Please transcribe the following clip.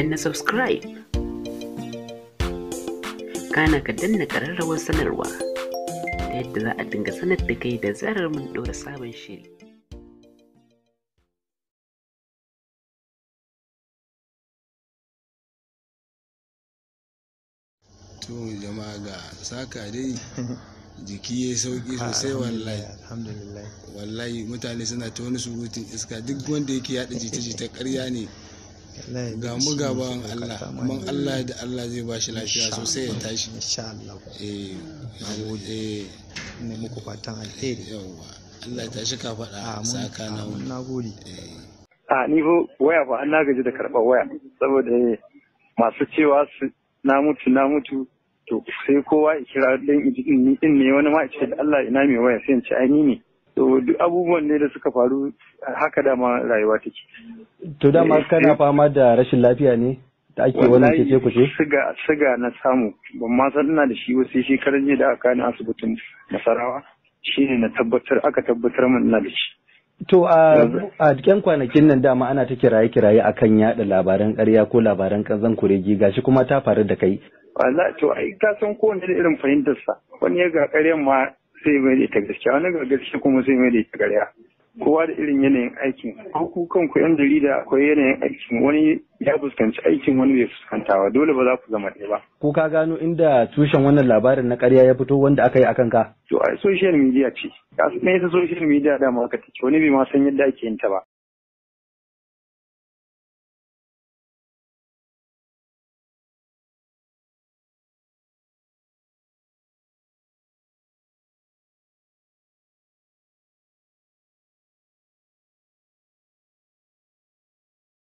danna subscribe kana ka danna ƙararrawar sanarwa ta yadda za a dinga sanar da kai da zarar mun ɗora sabon shiri to jama'a ga saka dai jiki ya sauki ah, sosai wallahi wallahi mutane suna ta wani surutun iska duk wanda yake yaɗa jita-jita karya ne ga mu gaban Allah kuma Allah da Allah zai ba shi lafiya sosai ya tashi insha Allah eh gode eh. ne muku fatan alheri eh, yawa Allah ya tashi ka fada saka na nagode eh. a ni ko waya ba an gaji da karɓar waya saboda masu cewa su na mutu na mutu to sai kowa ya kira dan ni din ne wani ma ya ce Allah ina mai waya sai in ci ai ni ne so duk abubuwan ne da suka faru haka dama rayuwa take to dama eh, kana eh. fama da rashin lafiya ne da ake wannan kece kuce siga siga na samu ban ma san ina da shi wasu shekarun jiya da aka kani asibitin nasarawa shine na tabbatar aka tabbatar min ina da shi To a cikin kwanakin nan dama ana ta kiraye-kiraye akan yada labaran ƙarya ko labaran ƙanzan kuregi gashi kuma ta faru da kai. Wala to ai ka san kowane irin fahimtarsa wani ya ga ƙaryan ma sai mai da ita gaskiya wani ga gaskiya kuma sai mai da ita ƙarya kowa da irin yanayin aikin an ku kanku yan jarida akwai yanayin aikin wani ya fuskanci aikin wani bai fuskantawa dole ba za ku zama ɗaya ba. ko ka gano inda tushen wannan labarin na ƙarya ya fito wanda aka yi akan ka. to a social media ce me yasa social media da ma take wani bai ma san yadda ake yin ta ba